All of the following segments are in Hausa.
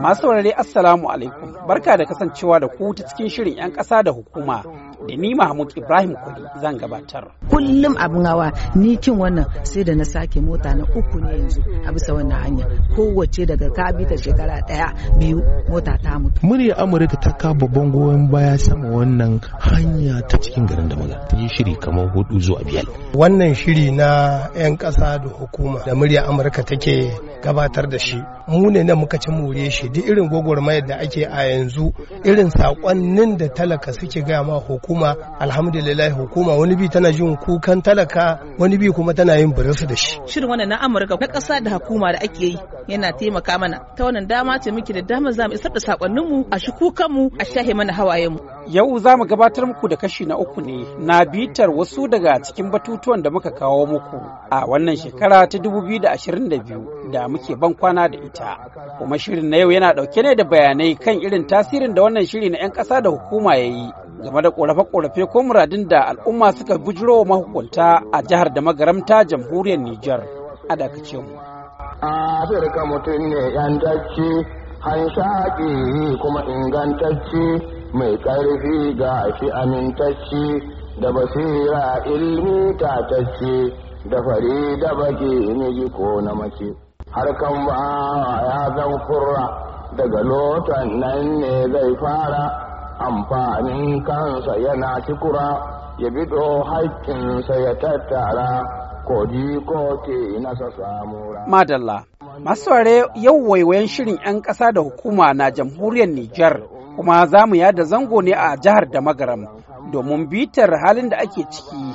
Masu saurare Assalamu alaikum, barka da kasancewa da ku ta cikin shirin 'yan ƙasa da hukuma da ni Mahmud Ibrahim Kudi zan gabatar. Kullum abin hawa ni kin wannan sai da na sake mota na uku ne yanzu a bisa wannan hanya kowace daga ka ta shekara ɗaya biyu mota ta mutu. Murya Amurka ta ka babban goyon baya sama wannan hanya ta cikin garin da maza ta yi shiri kamar hudu zuwa biyar. Wannan shiri na 'yan ƙasa da hukuma da murya Amurka take gabatar da shi. shi mu ne nan muka ci more shi duk irin gwagwarmayar da ake a yanzu irin sakonnin da talaka suke gaya ma hukuma alhamdulillah hukuma wani bi tana jin kukan talaka wani bi kuma tana yin burinsu da shi shirin wannan na amurka na ƙasa da hukuma da ake yi yana taimaka mana ta wannan dama ce muke da dama za mu isar da mu a shi mu a shahe mana mu yau za mu gabatar muku da kashi na uku ne na bitar wasu daga cikin batutuwan da muka kawo muku a wannan shekara ta 2022 da muke ban kwana da ita kuma shirin na yau yana dauke ne da bayanai kan irin tasirin da wannan shiri na 'yan ƙasa da hukuma ya yi game da korafe-korafe ko muradin da al'umma suka bujiro wa mahukunta a jihar da magaramta jamhuriyar Nijar a dakace mu. Afirka mutum ne hanshaƙi kuma ingantacce mai ƙarfi ga shi amintacce da basira ilmi tatacce da fari da baki ne ko na mace. harkan ba ya zan kurra daga lotan nan ne zai fara amfanin kansa yana cikura ya bido haƙƙinsa ya tattara kodi ko ke nasa samura. Madalla, masu ware yau waiwayen shirin 'yan ƙasa da hukuma na jamhuriyar Nijar kuma za mu yada zango ne a jihar da magaram domin bitar halin da ake ciki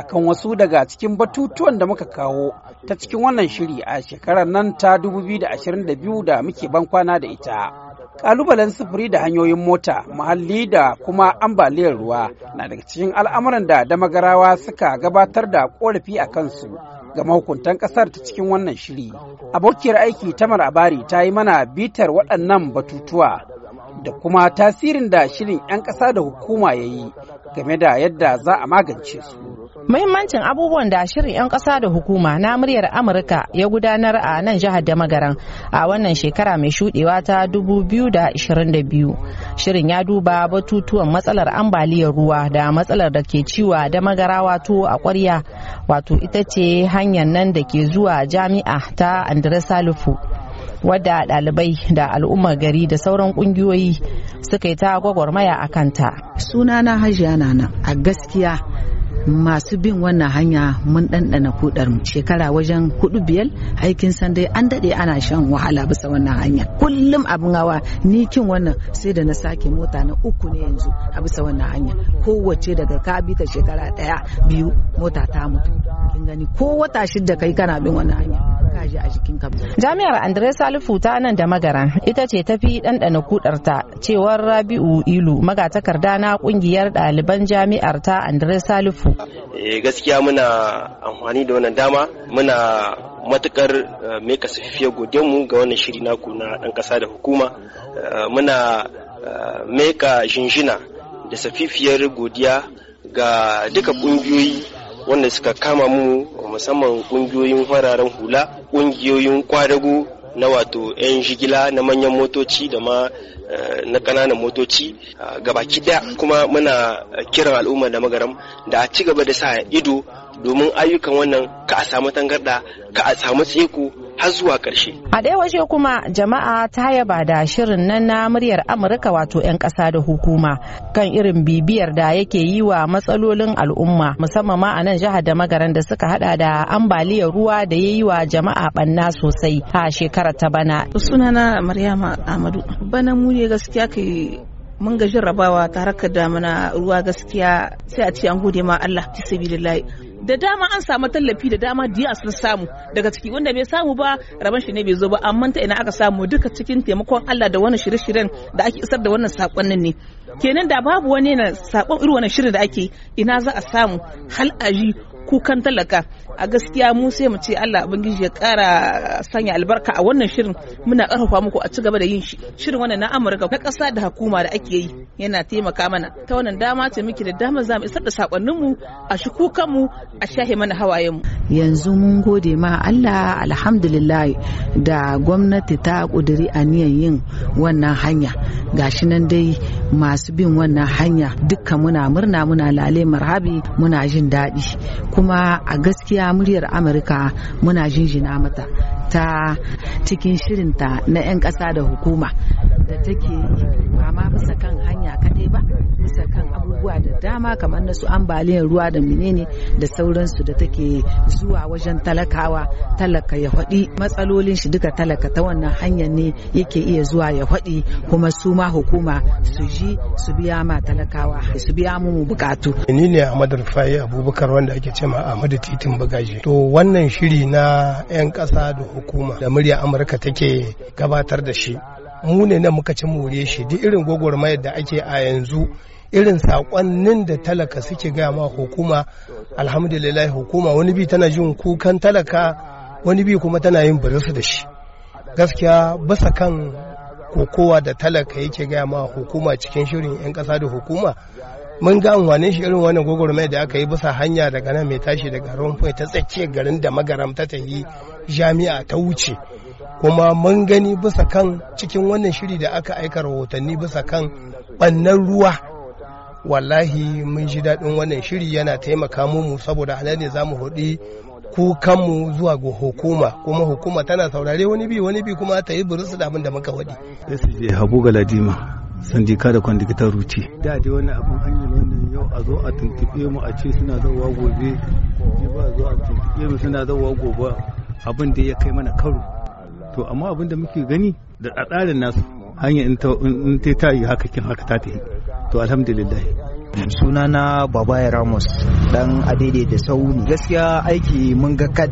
akan wasu daga cikin batutuwan da muka kawo ta cikin wannan shiri a shekarar nan ta 2022 da muke ban kwana da ita. Ƙalubalen sufuri da hanyoyin mota, muhalli da kuma ambaliyar ruwa na daga cikin al'amuran da damagarawa suka gabatar da ƙorafi a kansu ga mahukuntan ƙasar ta cikin wannan shiri. Abokiyar aiki ta Abari ta yi mana bitar waɗannan batutuwa da kuma tasirin da shirin 'yan ƙasa da hukuma ya yi game da yadda za a magance su. Muhimmancin abubuwan da shirin 'yan ƙasa da hukuma na muryar Amurka ya gudanar a nan jihar da magaran a wannan shekara mai shudewa ta 2022. Shirin ya duba batutuwan matsalar ambaliyar ruwa da matsalar da ke ciwa da magara wato a ƙwarya wato ita ce hanyar nan da ke zuwa jami'a ta Andres Salifu. wadda ɗalibai da al'ummar gari da sauran ƙungiyoyi suka yi ta gwagwarmaya a kanta. Sunana Hajiya Nana a gaskiya masu bin wannan hanya mun ɗanɗana kudar shekara wajen kudu biyar aikin san an daɗe ana shan wahala bisa wannan hanya kullum abin hawa ni kin wannan sai da na sake mota na uku ne yanzu a bisa wannan hanya kowace daga ka bi ta shekara ɗaya biyu mota ta mutu kin gani ko wata shidda kai kana bin wannan hanya jami'ar andre salifu ta nan da magaran ita ce ta fi ɗanɗana kudarta cewar rabi'u ilu magatakarda na kungiyar ɗaliban jami'ar ta andre salifu eh, gaskiya muna amfani da wannan dama muna matukar eh, mai kasafiya mu ga wannan shiri na na ɗan ƙasa da hukuma eh, muna meka shinshina da safifiyar godiya ga duka ƙungiyoyi wanda suka kama mu musamman ƙungiyoyin fararen hula ƙungiyoyin kwadago na wato 'yan jigila na manyan motoci da ma eh, na ƙananan motoci gabaki ɗaya kuma muna kiran al'umma da magaram da a ci gaba da sa ido domin ayyukan wannan ka a samu tangarda ka a samu tseko har zuwa ƙarshe. A da waje kuma jama'a ta yaba da shirin nan na muryar Amurka wato 'yan ƙasa da hukuma kan irin bibiyar da yake yi wa matsalolin al'umma musamman ma a nan jihar da magaran da suka hada da ambaliyar ruwa da ya yi wa jama'a banna sosai a shekarar ta bana. Sunana Maryama Amadu. Bana mu ne gaskiya kai mun ga jarrabawa tare da mana ruwa gaskiya sai a ce an gode ma Allah sabi da dama an samu tallafi da dama diya sun samu daga ciki wanda bai samu ba rabon shi ne bai zo ba amma ta ina aka samu duka cikin taimakon Allah da wannan shirye-shiryen da ake isar da wannan sakonnin ne kenan da babu wani na sakon irin wannan shirin da ake ina za a samu hal aji kukan talaka a gaskiya mu sai mu ce Allah ubangiji ya kara sanya albarka a wannan shirin muna karfafa muku a ci gaba da yin shi shirin wannan na Amurka na ƙasa da hukuma da ake yi yana taimaka mana ta wannan dama ce muke da dama za mu isar da sakonnin mu a shi kukan mu a shahe mana hawayen mu yanzu mun gode ma Allah alhamdulillah da gwamnati ta kuduri aniyan yin wannan hanya gashi nan dai masu bin wannan hanya dukka muna murna muna lale marhabi muna jin daɗi kuma a gaskiya muryar amurka muna jinjina mata ta cikin shirinta na 'yan ƙasa da hukuma da take ba ma bisa kan hanya kaɗai ba bisa kan abubuwa da dama kamar na su ambaliyar ruwa da menene da sauransu da take zuwa wajen talakawa talaka ya haɗi matsalolin shi duka talaka ta wannan hanyar ne yake iya zuwa ya haɗi kuma su ma hukuma su ji su biya ma talakawa su biya mu bukatu ni ne Ahmad Rufai Abubakar wanda ake cewa Ahmad Titin Bagaji to wannan shiri na 'yan ƙasa da hukuma da murya Amurka take gabatar da shi mu ne nan muka ci mure shi duk irin gwagwarmayar da ake a yanzu irin sakonnin da talaka suke gaya ma hukuma alhamdulillah hukuma wani bi tana jin kukan talaka wani bi kuma tana yin birisu da shi gaskiya basa kan kokowa da talaka yake gaya ma hukuma cikin shirin 'yan ƙasa da hukuma mun ga amfanin shi irin wannan gwagwarmai da aka yi bisa hanya daga nan mai tashi daga rumfai ta tsakiyar garin da magaram ta tafi jami'a ta wuce kuma mun gani bisa kan cikin wannan shiri da aka aika rahotanni bisa kan ɓannan ruwa wallahi mun ji daɗin wannan shiri yana taimaka mu saboda a ne za mu hudi kukanmu zuwa ga hukuma kuma hukuma tana saurare wani bi wani bi kuma ta yi burusu da abin da muka wadi. Sai Habu Galadima sandika da kwandikitar ruci. Da dai wani abin hanyar wannan yau a zo a tuntuɓe mu a ce suna zauwa gobe, ba a zo a tuntuɓe mu suna zauwa gobe abin da ya kai mana karo. To amma abin da muke gani da tsadarin tsarin nasu hanyar in ta yi haka kin haka ta ta yi. to alhamdulillah sunana babaya ramos dan adede da sauni gaskiya aiki mun ga kat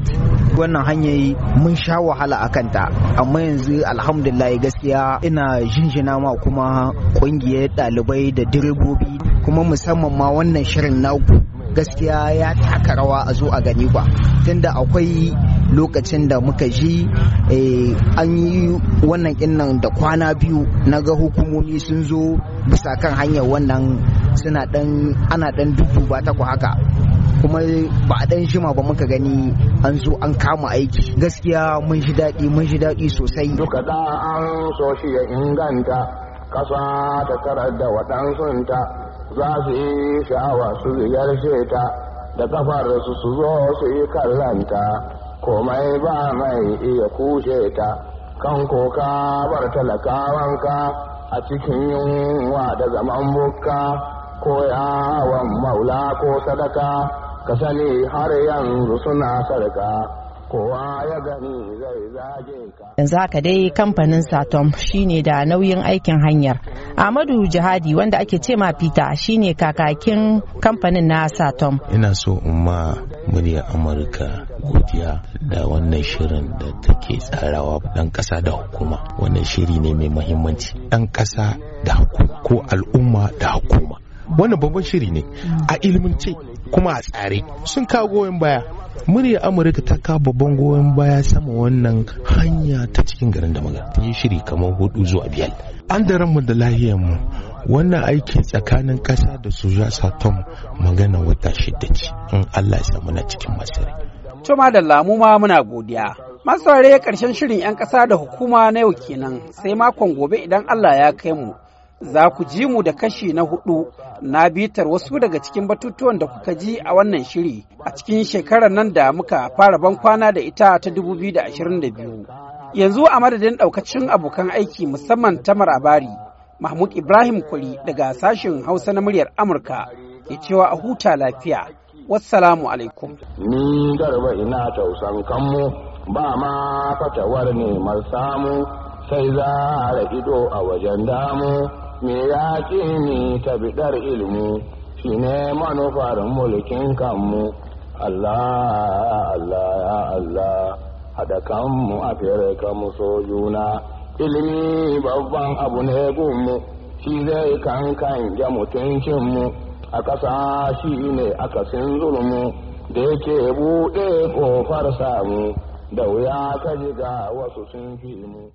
wannan hanyar mun sha wahala a kanta amma yanzu alhamdulillah gaskiya ina jinjina ma kuma kungiyar ɗalibai da direbobi kuma musamman ma wannan shirin naku gaskiya ya taka rawa a zo a gani ba tunda akwai lokacin da muka ji eh, an yi wannan kinnan da kwana biyu na ga hukumomi sun zo bisa kan hanyar wannan suna dan ana dan ba ta ku haka kuma ba a dan shima ba muka gani an zo an kama aiki gaskiya mun ji daɗi mun ji daɗi sosai duka da an so shi ya inganta kasa ta karar da waɗansunta za su yi sha'awa su ziyarce ta da kafar su su zo su yi kallanta komai ba mai iya kushe ta kan koka bar talakawanka a cikin yunwa da zaman bukka ko yawon maula ko sadaka ka sani har yanzu suna sarka kowa ya gani zai zage ka yanzu haka dai kamfanin satom shine da nauyin aikin hanyar Amadu Jihadi wanda ake ce ma Peter shine kakakin kamfanin na Satom. Ina so in murya Amurka godiya da wannan shirin da take tsarawa dan kasa da hukuma wannan shiri ne mai mahimmanci Dan kasa da hukuma ko al'umma da hukuma wannan babban shiri ne a ilmince kuma a tsare sun kawo goyon baya murya amurka ta kawo babban goyon baya sama wannan hanya ta cikin garin da magana ta yi shiri kamar hudu zuwa biyar an da ranmu da mu wannan aikin tsakanin kasa da su ya sa tom magana wata shida ce in allah ya samu na cikin masarai ma da lamu ma muna godiya. Masaurare ƙarshen shirin 'yan ƙasa da hukuma na yau kenan sai makon gobe idan Allah ya kai mu. Za ku ji mu da kashi na hudu na bitar wasu daga cikin batutuwan da kuka ji a wannan shiri a cikin shekarar nan da muka fara ban kwana da ita ta da ashirin biyu. Yanzu a madadin ɗaukacin abokan aiki musamman ta marabari, Mahmud Ibrahim Kuli daga sashen Hausa na muryar Amurka ke cewa a huta lafiya. wassalamu alaikum ni garba ina tausan kanmu ba ma fatawar neman samu sai za a ido a wajen damu me ya ce ni ta bidar ilimi shi ne manufar mulkin kanmu Allah Allah ya Allah hada kanmu a fere kanmu so juna ilimi babban abu ne gunmu shi zai kankan ya mutuncinmu a ƙasa shi ne akasin zulumu da yake buɗe ƙofar samu da wuya ka ji ga wasu sun fi mu.